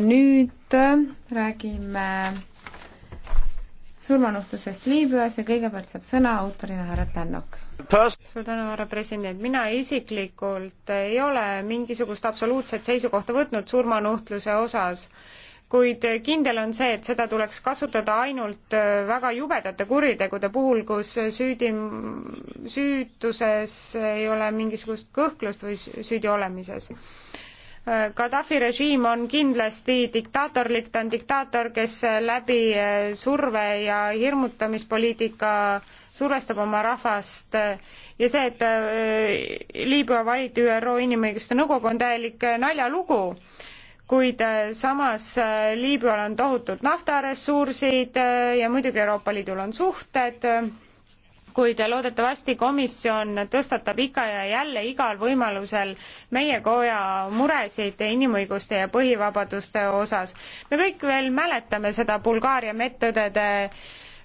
nüüd äh, räägime surmanuhtlusest Liibüas ja kõigepealt saab sõna autorina härra Tännok. suur tänu, härra president, mina isiklikult ei ole mingisugust absoluutset seisukohta võtnud surmanuhtluse osas, kuid kindel on see, et seda tuleks kasutada ainult äh, väga jubedate kuritegude puhul, kus süüdi, süütuses ei ole mingisugust kõhklust või süüdi olemises Gaddafi režiim on kindlasti diktaatorlik, ta on diktaator, kes läbi eh, surve ja hirmutamispoliitika survestab oma rahvast ja see, et eh, Liibüa valiti ÜRO Inimõiguste Nõukogu, on täielik eh, naljalugu. kuid samas Liibüal on tohutud naftaressursid ja muidugi Euroopa Liidul on suhted kuid loodetavasti komisjon tõstatab ikka ja jälle igal võimalusel meie koja muresid inimõiguste ja põhivabaduste osas. me kõik veel mäletame seda Bulgaaria medõdede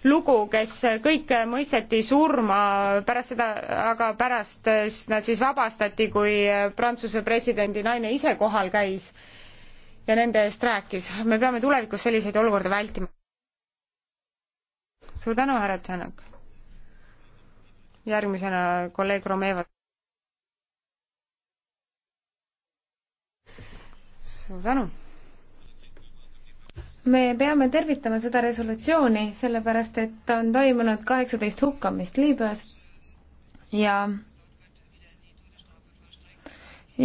lugu, kes kõik mõisteti surma pärast seda, aga pärast nad siis vabastati, kui Prantsuse presidendi naine ise kohal käis ja nende eest rääkis. me peame tulevikus selliseid olukordi vältima. suur tänu, härra Tšanok! järgmisena kolleeg Romeva. suur tänu! me peame tervitama seda resolutsiooni, sellepärast et on toimunud kaheksateist hukkamist Liibüas ja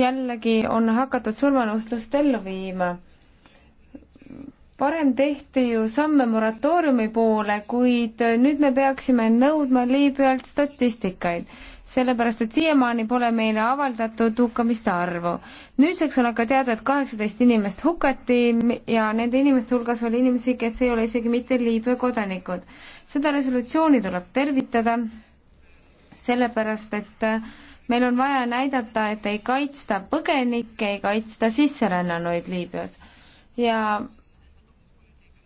jällegi on hakatud surmanuhtlust ellu viima varem tehti ju samme moratooriumi poole, kuid nüüd me peaksime nõudma Liibüalt statistikaid, sellepärast et siiamaani pole meile avaldatud hukkamiste arvu. nüüdseks on aga teada, et kaheksateist inimest hukati ja nende inimeste hulgas oli inimesi, kes ei ole isegi mitte Liibüa kodanikud. seda resolutsiooni tuleb tervitada, sellepärast et meil on vaja näidata, et ei kaitsta põgenikke, ei kaitsta sisserännanuid Liibüas ja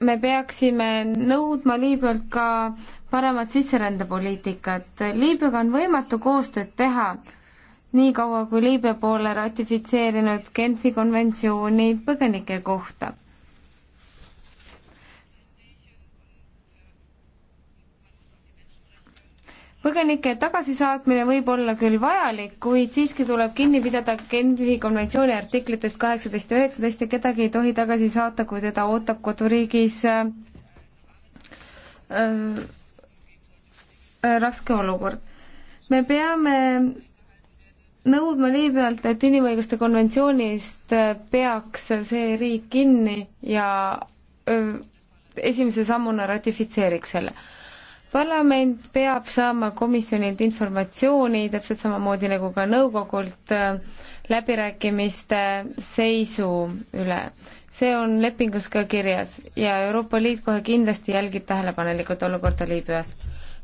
me peaksime nõudma Liibüalt ka paremat sisserändepoliitikat. Liibüaga on võimatu koostööd teha, niikaua kui Liibüa pole ratifitseerinud Genfi konventsiooni põgenike kohta põgenike tagasisaatmine võib olla küll vajalik, kuid siiski tuleb kinni pidada Genfi konventsiooni artiklitest kaheksateist ja üheksateist ja kedagi ei tohi tagasi saata, kui teda ootab koduriigis äh, äh, raske olukord. me peame nõudma Liibüalt, et inimõiguste konventsioonist äh, peaks see riik kinni ja äh, esimese sammuna ratifitseeriks selle parlament peab saama komisjonilt informatsiooni, täpselt samamoodi nagu ka nõukogult, äh, läbirääkimiste seisu üle. see on lepingus ka kirjas ja Euroopa Liit kohe kindlasti jälgib tähelepanelikult olukorda Liibüas.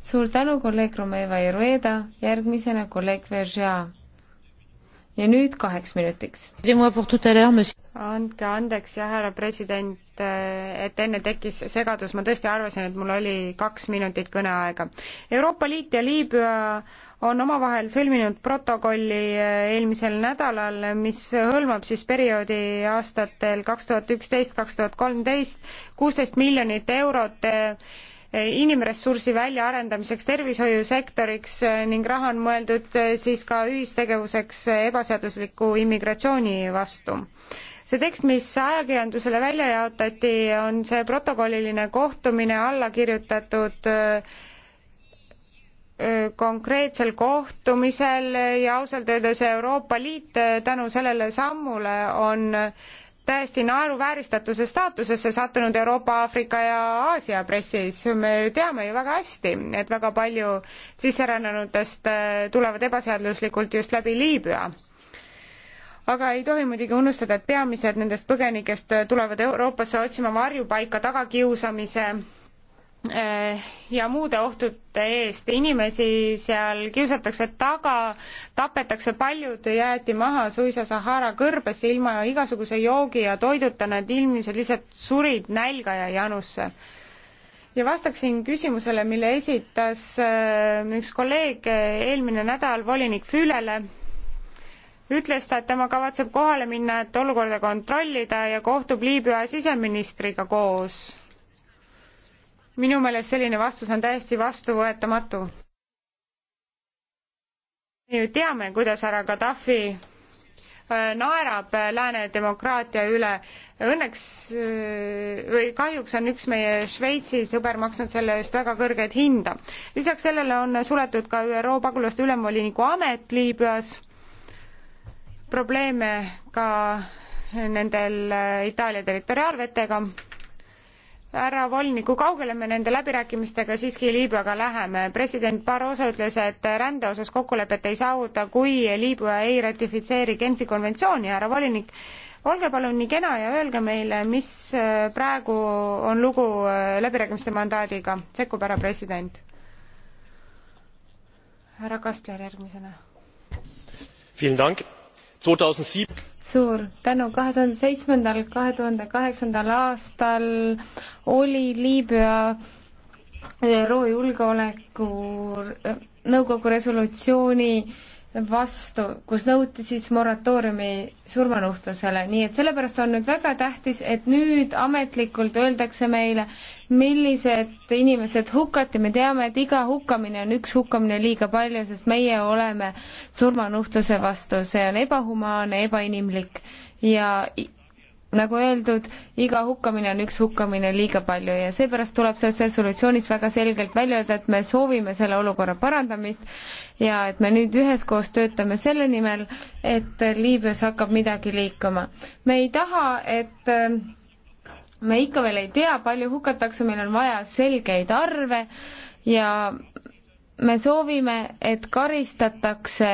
suur tänu, kolleeg Romeva ja Rueda, järgmisena kolleeg Veržea. ja nüüd kaheks minutiks andke andeks, jah, härra president, et enne tekkis segadus, ma tõesti arvasin, et mul oli kaks minutit kõneaega. Euroopa Liit ja Liibüa on omavahel sõlminud protokolli eh, eelmisel nädalal, mis hõlmab siis perioodi aastatel kaks tuhat üksteist, kaks tuhat kolmteist, kuusteist miljonit eurot eh, inimressursi väljaarendamiseks tervishoiusektoriks eh, ning raha on mõeldud siis ka ühistegevuseks ebaseadusliku immigratsiooni vastu see tekst, mis ajakirjandusele välja jaotati, on see protokolliline kohtumine alla kirjutatud konkreetsel kohtumisel ja ausalt öeldes Euroopa Liit tänu sellele sammule on täiesti naeruvääristatuse staatusesse sattunud Euroopa, Aafrika ja Aasia pressis. me teame ju väga hästi, et väga palju sisserännanutest tulevad ebaseaduslikult just läbi Liibüa aga ei tohi muidugi unustada, et peamised nendest põgenikest tulevad Euroopasse otsima varjupaika tagakiusamise eh, ja muude ohtude eest. inimesi seal kiusatakse taga, tapetakse, paljud jäeti maha suisa Sahara kõrbesse ilma igasuguse joogi ja toiduta, nad ilmselt lihtsalt surid nälga ja janusse. ja vastaksin küsimusele, mille esitas eh, üks kolleeg eh, eelmine nädal volinik Füülele ütles ta, et tema kavatseb kohale minna, et olukorda kontrollida ja kohtub Liibüa siseministriga koos. minu meelest selline vastus on täiesti vastuvõetamatu. me ju teame, kuidas härra Gaddafi äh, naerab äh, lääne demokraatia üle. Õnneks äh, või kahjuks on üks meie Šveitsi sõber maksnud selle eest väga kõrgeid hinda. lisaks sellele on suletud ka ÜRO pagulaste ülemvoliniku amet Liibüas probleeme ka nendel äh, Itaalia territoriaalvetega. härra Volni, kui kaugele me nende läbirääkimistega siiski Liibüaga läheme? president Barroso ütles, et rände osas kokkulepet ei saavuta, kui Liibüa ei ratifitseeri Genfi konventsiooni, härra volinik, olge palun nii kena ja öelge meile, mis äh, praegu on lugu äh, läbirääkimiste mandaadiga, sekkub härra president. härra Kastler järgmisena suur tänu, kahe tuhande seitsmendal, kahe tuhande kaheksandal aastal oli Liibüa ÜRO Julgeoleku Nõukogu resolutsiooni vastu, kus nõuti siis moratooriumi surmanuhtlusele, nii et sellepärast on nüüd väga tähtis, et nüüd ametlikult öeldakse meile, millised inimesed hukati, me teame, et iga hukkamine on üks hukkamine liiga palju, sest meie oleme surmanuhtluse vastu, see on ebahumaanne, ebainimlik ja nagu öeldud, iga hukkamine on üks hukkamine liiga palju ja seepärast tuleb selles resolutsioonis väga selgelt välja öelda, et me soovime selle olukorra parandamist ja et me nüüd üheskoos töötame selle nimel, et Liibüas hakkab midagi liikuma. me ei taha, et äh, me ikka veel ei tea, palju hukatakse, meil on vaja selgeid arve ja me soovime, et karistatakse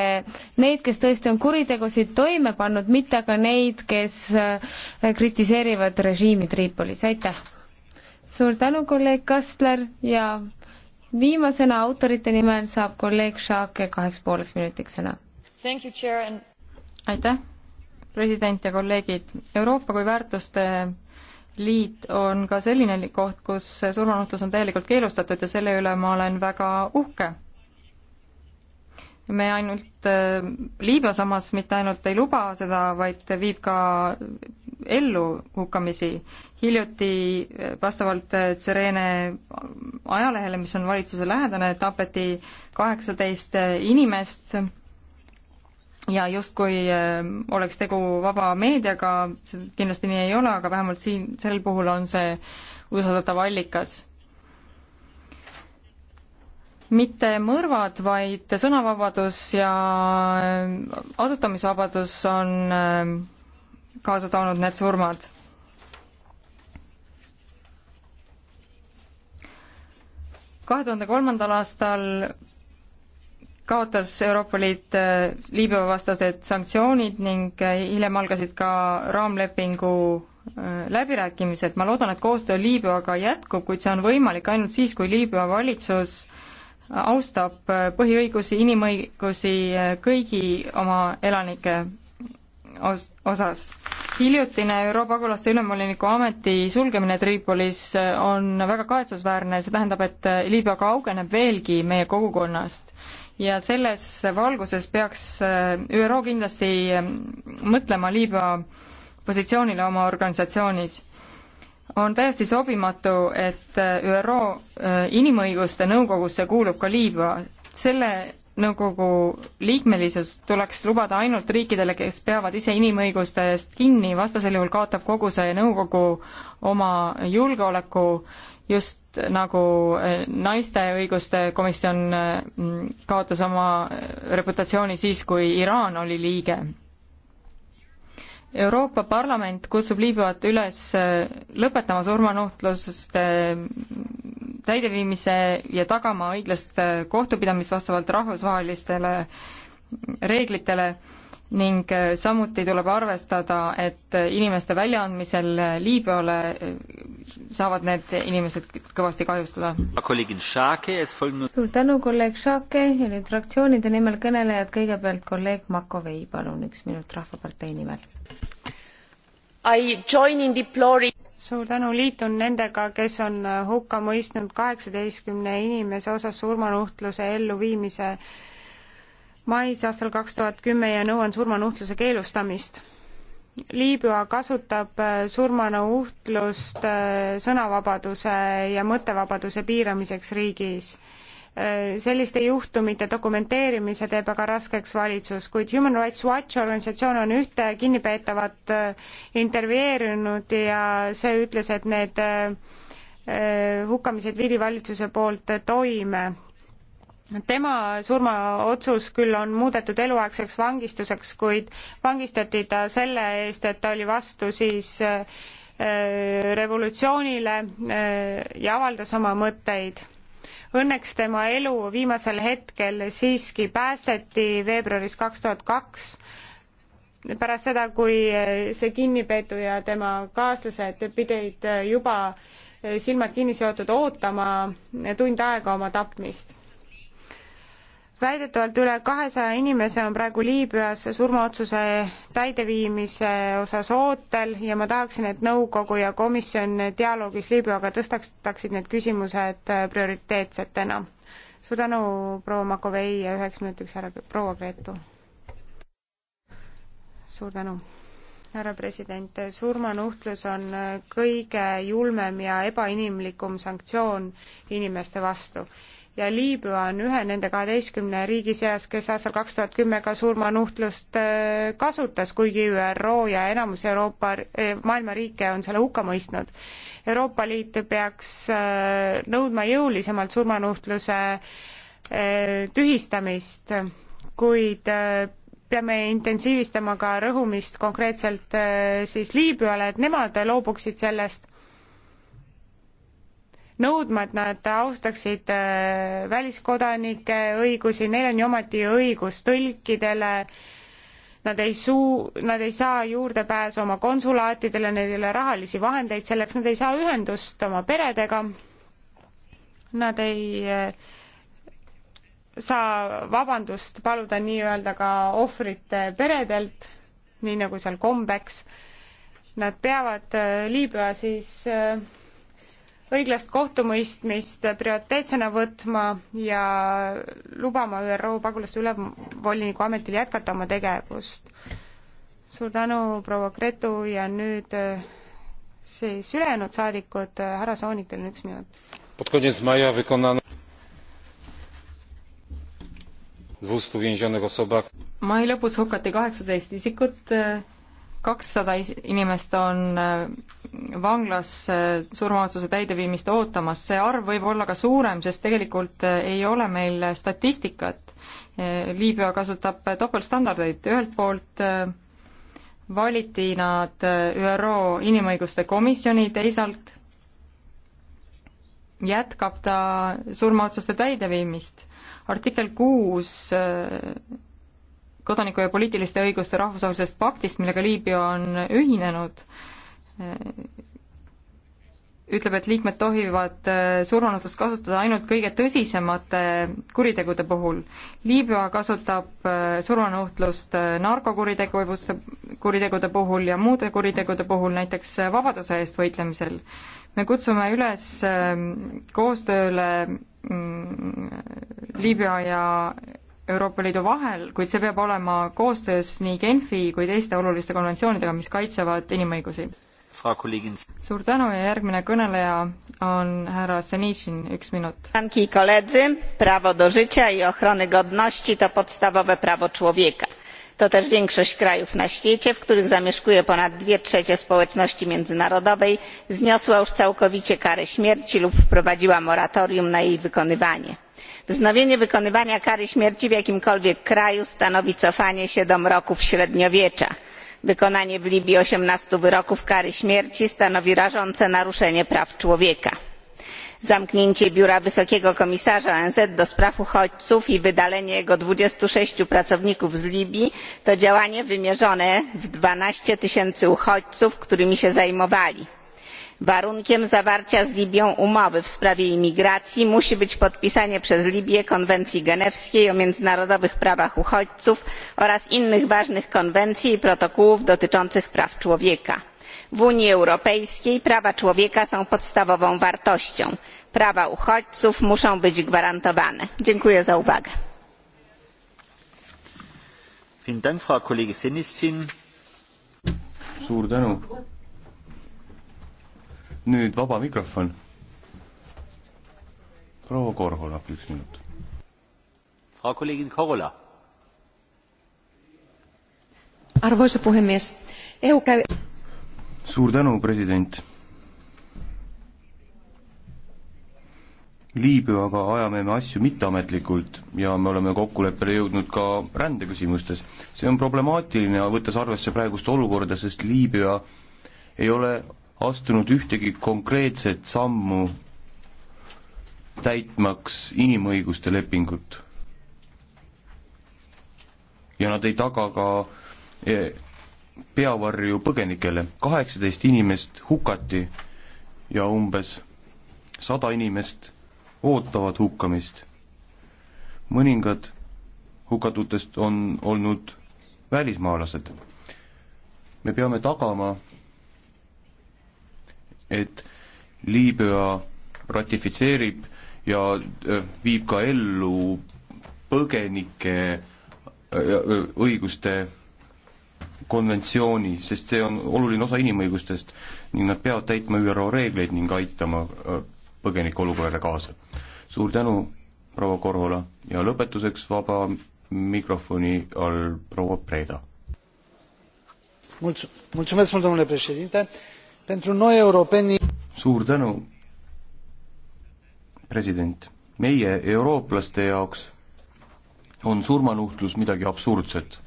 neid, kes tõesti on kuritegusid toime pannud, mitte aga neid, kes äh, kritiseerivad režiimi Tripolis, aitäh! suur tänu, kolleeg Kastler ja viimasena autorite nimel saab kolleeg Šaake kaheks pooleks minutiks sõna. aitäh, president ja kolleegid, Euroopa kui väärtuste liit on ka selline koht, kus surmanuhtlus on täielikult keelustatud ja selle üle ma olen väga uhke. me ainult äh,, Liibüa samas mitte ainult ei luba seda, vaid viib ka ellu hukkamisi. hiljuti äh, vastavalt äh, Tserene ajalehele, mis on valitsuse lähedane, tapeti kaheksateist äh, inimest ja justkui äh, oleks tegu vaba meediaga, kindlasti nii ei ole, aga vähemalt siin, sel puhul on see usaldatav allikas. mitte mõrvad, vaid sõnavabadus ja äh, asutamisvabadus on äh, kaasa toonud need surmad kahe tuhande kolmandal aastal kaotas Euroopa Liit äh, Liibüa vastased sanktsioonid ning äh, hiljem algasid ka raamlepingu äh, läbirääkimised, ma loodan, et koostöö Liibüaga jätkub, kuid see on võimalik ainult siis, kui Liibüa valitsus austab põhiõigusi, inimõigusi kõigi oma elanike os-, osas. hiljutine ÜRO pagulaste ülemvoliniku ameti sulgemine Tripolis on väga kahetsusväärne, see tähendab, et Liibüa kaugeneb veelgi meie kogukonnast ja selles valguses peaks äh, ÜRO kindlasti äh, mõtlema Liibüa positsioonile oma organisatsioonis. on täiesti sobimatu, et äh, ÜRO Inimõiguste Nõukogusse kuulub ka Liibüa. selle nõukogu liikmelisus tuleks lubada ainult riikidele, kes peavad ise inimõiguste eest kinni, vastasel juhul kaotab kogu see nõukogu oma julgeoleku just nagu äh, naiste õiguste komisjon äh, kaotas oma äh, reputatsiooni siis, kui Iraan oli liige. Euroopa Parlament kutsub Liibüat üles lõpetama surmanuhtluste täideviimise ja tagama õiglast kohtupidamist vastavalt rahvusvahelistele reeglitele ning samuti tuleb arvestada, et inimeste väljaandmisel Liibüale saavad need inimesed kõvasti kahjustada. suur tänu, kolleeg Šake ja nüüd fraktsioonide nimel kõnelejad, kõigepealt kolleeg Makovei, palun, üks minut Rahvapartei nimel. suur tänu, liitun nendega, kes on hukka mõistnud kaheksateistkümne inimese osas surmanuhtluse elluviimise mais aastal kaks tuhat kümme ja nõuan surmanuhtluse keelustamist Liibüa kasutab äh, surmanuhtlust äh, sõnavabaduse ja mõttevabaduse piiramiseks riigis. Äh, selliste juhtumite dokumenteerimise teeb aga raskeks valitsus, kuid Human Rights Watch organisatsioon on ühte kinnipeetavat intervjueerinud ja see ütles, et need hukkamised viidi valitsuse poolt toime tema surmaotsus küll on muudetud eluaegseks vangistuseks, kuid vangistati ta selle eest, et ta oli vastu siis äh, revolutsioonile äh, ja avaldas oma mõtteid. Õnneks tema elu viimasel hetkel siiski päästeti veebruaris kaks tuhat kaks, pärast seda, kui äh, see kinnipeetu ja tema kaaslased pidid juba silmad kinni seotud ootama tund aega oma tapmist väidetavalt üle kahesaja inimese on praegu Liibüas surmaotsuse täideviimise osas ootel ja ma tahaksin, et nõukogu ja komisjon dialoogis Liibüaga tõstaksid need küsimused prioriteetsetena. suur tänu, proua Makovei ja üheks minutiks härra proua Gretu. suur tänu härra president, surmanuhtlus on kõige julmem ja ebainimlikum sanktsioon inimeste vastu ja Liibüa on ühe nende kaheteistkümne riigi seas, kes aastal kaks tuhat kümme ka surmanuhtlust äh, kasutas, kuigi ÜRO ja enamus Euroopa, äh, maailma riike on selle hukka mõistnud. Euroopa Liit peaks äh, nõudma jõulisemalt surmanuhtluse tühistamist, kuid peame intensiivistama ka rõhumist konkreetselt siis Liibüale, et nemad loobuksid sellest nõudma, et nad austaksid äh, väliskodanike õigusi, neil on ju ometi õigus tõlkidele, nad ei suu-, nad ei saa juurdepääsu oma konsulaatidele, neil ei ole rahalisi vahendeid selleks, nad ei saa ühendust oma peredega, nad ei äh, saa vabandust paluda nii-öelda ka ohvrite peredelt, nii nagu seal kombeks, nad peavad äh, Liibüa siis äh, õiglast kohtumõistmist prioriteetsena võtma ja lubama ÜRO pagulaste ülemvoliniku ametil jätkata oma tegevust. suur tänu, proua Gretu ja nüüd eh, siis ülejäänud saadikud, eh, härra Soonik, teil on üks minut. mai lõpus hukati kaheksateist isikut, eh, kakssada inimest on vanglas äh, surmaotsuse täideviimist ootamas, see arv võib olla ka suurem, sest tegelikult äh, ei ole meil statistikat. Äh, Liibüa kasutab topeltstandardeid, ühelt poolt valiti nad ÜRO Inimõiguste Komisjoni, teisalt jätkab ta surmaotsuste täideviimist. artikkel kuus kodaniku ja poliitiliste õiguste rahvusvahelisest paktist, millega Liibüa on ühinenud, ütleb, et liikmed tohivad äh, surnunutust kasutada ainult kõige tõsisemate äh, kuritegude puhul. Liibüa kasutab äh, surmanuhtlust narkokuritegude, kuritegude puhul ja muude kuritegude puhul, näiteks vabaduse eest võitlemisel. me kutsume üles ähm, koostööle mm, Liibüa ja Euroopa Liidu vahel, kuid see peab olema koostöös nii Genfi kui teiste oluliste konventsioonidega, mis kaitsevad inimõigusi suur tänu ja järgmine kõneleja on härra Senišin, üks minut. prawo do życia i ochrony godności to podstawowe prawo człowieka to też większość krajów na świecie w których zamieszkuje ponad dwie trzecie społeczności międzynarodowej zniosła już całkowicie karę śmierci lub wprowadziła moratorium na jej wykonywanie. wznowienie wykonywania kary śmierci w jakimkolwiek kraju stanowi cofanie się do mroków średniowiecza wykonanie w libii osiemnaście wyroków kary śmierci stanowi rażące naruszenie praw człowieka. zamknięcie biura wysokiego komisarza onz do spraw uchodźców i wydalenie jego dwadzieścia sześć pracowników z libii to działanie wymierzone w dwanaście tysięcy uchodźców którymi się zajmowali warunkiem zawarcia z libią umowy w sprawie imigracji musi być podpisanie przez libię konwencji genewskiej o międzynarodowych prawach uchodźców oraz innych ważnych konwencji i protokołów dotyczących praw człowieka. w unii europejskiej prawa człowieka są podstawową wartością prawa uchodźców muszą być gwarantowane. dziękuję za uwagę. suur tänu nüüd vaba mikrofon. proua Korhola, üks minut. Frau Kollegin Korhola. Arvoisa puhemies, EU käy... Suur tänu, president. Liibüaga ajame me asju mitteametlikult ja me oleme kokkuleppele jõudnud ka rändeküsimustes. see on problemaatiline, võttes arvesse praegust olukorda, sest Liibüa ei ole astunud ühtegi konkreetset sammu täitmaks inimõiguste lepingut. ja nad ei taga ka e, peavarju põgenikele, kaheksateist inimest hukati ja umbes sada inimest ootavad hukkamist. mõningad hukatutest on olnud välismaalased. me peame tagama et Liibüa ratifitseerib ja äh, viib ka ellu põgenike äh, äh, õiguste konventsiooni, sest see on oluline osa inimõigustest ning nad peavad täitma ÜRO reegleid ning aitama põgenike olukorrale kaasa. suur tänu, proua Korhola, ja lõpetuseks vaba mikrofoni all proua Preda. mulțumesc mult, domnule președinte pentru noi europenii. suur tänu, president. meie, eurooplaste jaoks on surmanuhtlus midagi absurdset.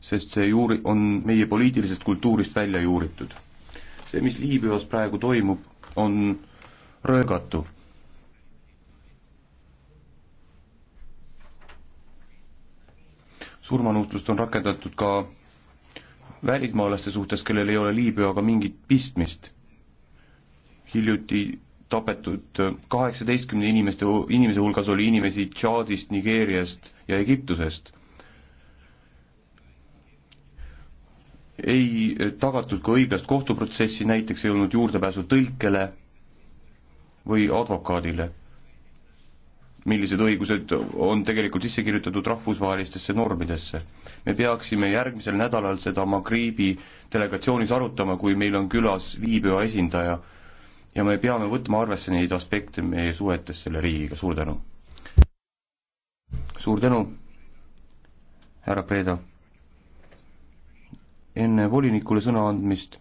sest see juuri-, on meie poliitilisest kultuurist välja juuritud. see, mis Liibüas praegu toimub, on röögatu. surmanuhtlust on rakendatud ka välismaalaste suhtes, kellel ei ole Liibüaga mingit pistmist. hiljuti tapetud kaheksateistkümne inimeste, inimese hulgas oli inimesi Tšaadist, Nigeeriast ja Egiptusest. ei tagatud ka õiglast kohtuprotsessi, näiteks ei olnud juurdepääsu tõlkele või advokaadile millised õigused on tegelikult sisse kirjutatud rahvusvahelistesse normidesse. me peaksime järgmisel nädalal seda Magribi delegatsioonis arutama, kui meil on külas Liibüa esindaja ja me peame võtma arvesse neid aspekte meie suhetes selle riigiga, suur tänu! suur tänu, härra Preeda! enne volinikule sõna andmist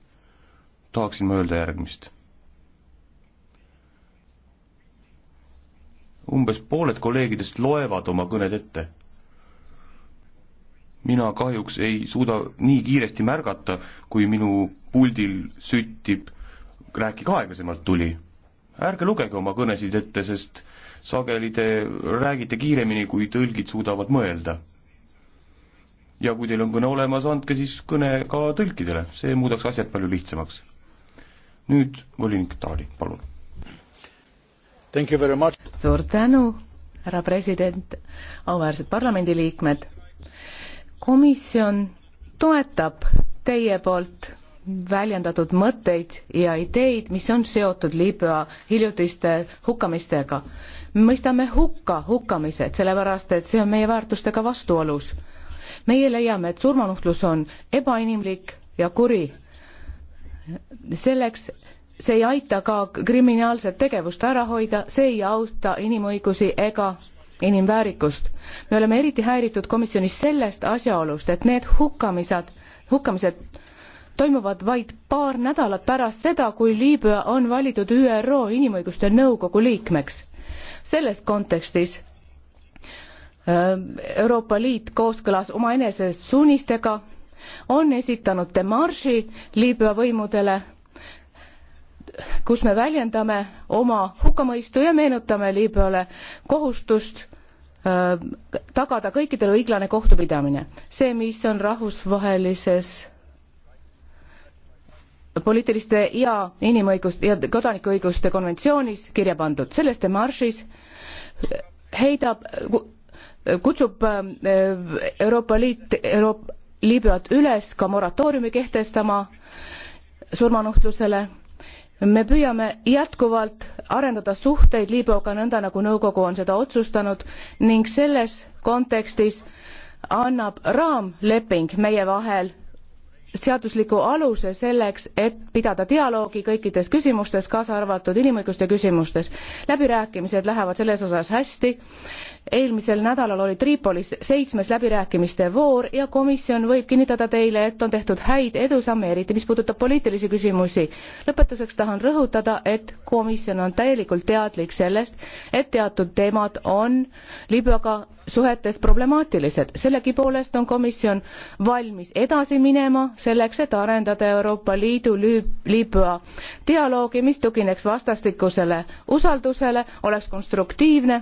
tahaksin ma öelda järgmist umbes pooled kolleegidest loevad oma kõned ette. mina kahjuks ei suuda nii kiiresti märgata, kui minu puldil süttib, rääkige aeglasemalt, tuli. ärge lugege oma kõnesid ette, sest sageli te räägite kiiremini, kui tõlgid suudavad mõelda. ja kui teil on kõne olemas, andke siis kõne ka tõlkidele, see muudaks asjad palju lihtsamaks. nüüd volinik Taali, palun suur tänu, härra president, auväärsed parlamendiliikmed. komisjon toetab teie poolt väljendatud mõtteid ja ideid, mis on seotud Liibüa hiljutiste hukkamistega. mõistame hukka hukkamised, sellepärast et see on meie väärtustega vastuolus. meie leiame, et surmanuhtlus on ebainimlik ja kuri. selleks, see ei aita ka kriminaalset tegevust ära hoida, see ei auta inimõigusi ega inimväärikust. me oleme eriti häiritud komisjonis sellest asjaolust, et need hukkamised, hukkamised toimuvad vaid paar nädalat pärast seda, kui Liibüa on valitud ÜRO Inimõiguste Nõukogu liikmeks. selles kontekstis äh, Euroopa Liit kooskõlas omaenese suunistega on esitanud demarši Liibüa võimudele kus me väljendame oma hukkamõistu ja meenutame Liibüale kohustust äh, tagada kõikidele õiglane kohtupidamine. see, mis on rahvusvahelises poliitiliste ja inimõigust- ja kodanikuõiguste konventsioonis kirja pandud, selles demaršis heidab, kutsub äh, Euroopa Liit Euroop-, Liibüat üles ka moratooriumi kehtestama surmanuhtlusele me püüame jätkuvalt arendada suhteid Liibüaga nõnda, nagu nõukogu on seda otsustanud ning selles kontekstis annab raamleping meie vahel seadusliku aluse selleks, et pidada dialoogi kõikides küsimustes, kaasa arvatud inimõiguste küsimustes. läbirääkimised lähevad selles osas hästi. eelmisel nädalal oli Tripolis seitsmes läbirääkimiste voor ja komisjon võib kinnitada teile, et on tehtud häid edusamme, eriti mis puudutab poliitilisi küsimusi. lõpetuseks tahan rõhutada, et komisjon on täielikult teadlik sellest, et teatud teemad on Liibüaga suhetes problemaatilised. sellegipoolest on komisjon valmis edasi minema selleks, et arendada Euroopa Liidu Liibüa dialoogi, mis tugineks vastastikusele usaldusele, oleks konstruktiivne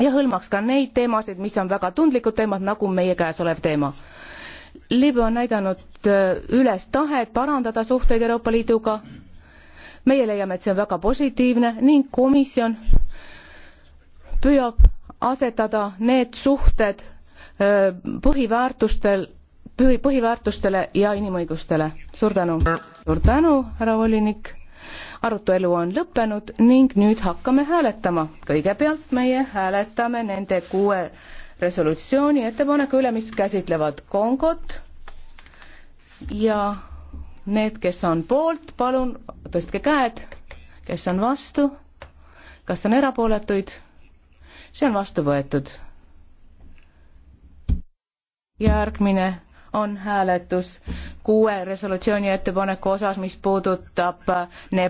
ja hõlmaks ka neid teemasid, mis on väga tundlikud teemad, nagu meie käesolev teema. Liibüa on näidanud äh, üles tahet parandada suhteid Euroopa Liiduga. meie leiame, et see on väga positiivne ning komisjon püüab asetada need suhted äh, põhiväärtustel põhi, põhiväärtustele ja inimõigustele. suur tänu! suur tänu, härra volinik! arutelu on lõppenud ning nüüd hakkame hääletama. kõigepealt meie hääletame nende kuue resolutsiooni ettepaneku üle, mis käsitlevad Kongot ja need, kes on poolt, palun tõstke käed, kes on vastu, kas on erapooletuid, see on vastu võetud. järgmine on hääletus kuue resolutsiooni ettepaneku osas, mis puudutab Nepali